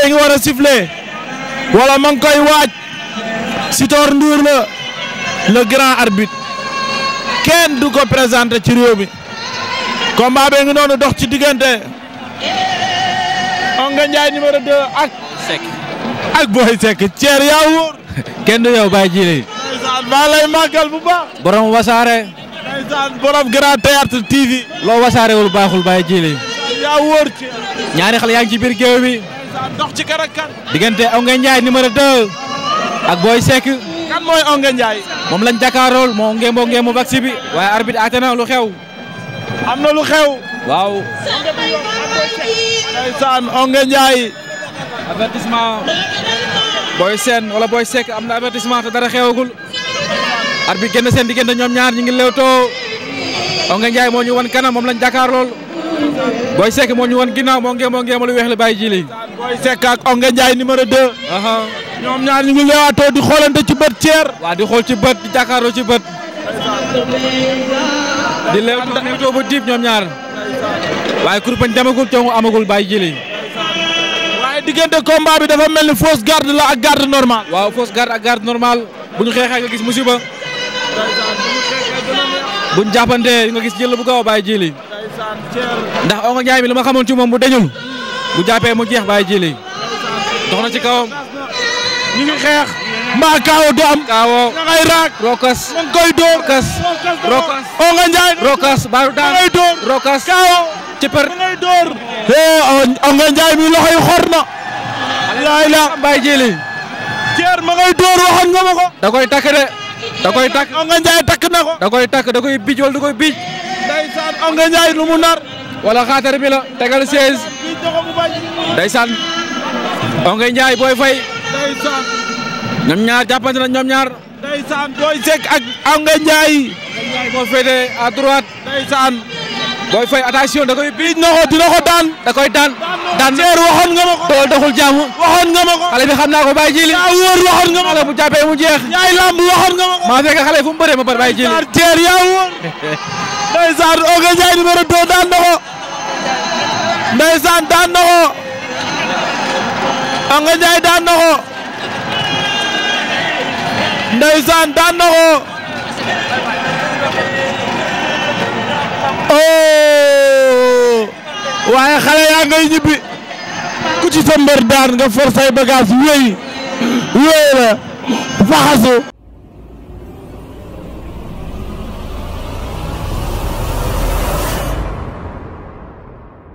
bee ngi ma ngi koy waaj Sitor Ndour la le grand arbitre kenn du ko présenté ci réew mi combat bee ngi noonu dox ci diggante Onga Ndiaye numéro 2 ak. Seck ak Boy yaa wóor. kenn du yow bàyyi jiile. ndeysaan maa lay màggal bu baax. borom wasaare. grand théâtre TV. loo wasaarewul baaxul bàyyi jiile. yaa ñaari xale yaa ngi ci biir géew bi. dox ci kan ak kan. diggante Ongué numéro ak booy Seck. kan mooy Ongué moom lañ jàkkaarlool moo ngémboo ngémbu vaccin bi waaye arbitre àtte na lu xew. am na lu xew. waaw. ndeysaan Ongué Ndiaye. avertissement Boy Sène wala am na avertissement te dara xewagul. arbitre génn seen diggante ñoom ñaar ñu ngi lewtoo Ongué Ndiaye moo ñu wan kanam moom lañ jàkkaarlool. Boy Seck moo ñu wan ginnaaw moo ngee moo ngee ma lu weex la bàyyi ji Boy Seck ak Ongué Ndiaye numéro 2. ñoom ñaar ñu ngi leewaatoo di xoolante ci bët ceer. waa di xool ci bët di jàkkaarloo ci bët. di leew moto bu diib ñoom ñaar. waaye kurpañ demagul congu amagul bàyyi jëli. waaye diggante combat bi dafa mel ni fausse garde la ak garde normale. waaw fausse garde ak garde normale bu ñu xeexee nga gis musiba. bu ñu jàppante nga gis jël bu gaaw a bàyyi jëli. ndax Ongué Ndiaye mi li ma xamoon ci moom bu deñul bu jàppee mu jeex bàyyi jili dox na ci kawam. ñu xeex. mbaa kaawo du am. kaawo da ngay raak. koy door. rokas rokas. njaay. rokas baaru daan da rokas kaawo. ci per da ngay njaay mi loxo yi xor na. laay la bàyyi jili. ceer ma ngay door waxoon nga ma ko. da koy takk de. da koy takk Onga Ndiaye takk na ko. da koy takk da koy bij wala da koy bij. ndeysaan Onga Ndiaye lu mu nar. wala xaatar bi tegal 16. ndeysaan Ongué Ndiaye Boy Faye ndeysaan ñoom ñaar jàppante na ñoom ñaar ndeysaan Boy Seck ak Ongué Ndiaye moo féete à droite ndeysaan Boy Faye attention da biij na ko daan da koy daan daan seer waxoon nga ma ko dool doxul jaamu waxoon nga ma ko xale bi xam naa ko bàyyi jili yaa wóor waxoon nga ma ko xale bu jàppee mu jeex yaay lamb waxoon nga ma ko maa fekk xale fu mu ma bari bàyyi jili yaa wóor ndeysaan Ongué Ndiaye numéro 2 daan na ndeysaan daan na ko Anga Ndiaye daan na ko ndeysaan daan na ko oh waaye xale yaa ngay ñibbi ku sa mbër daan nga forcer bagage wéy wéy la faxasu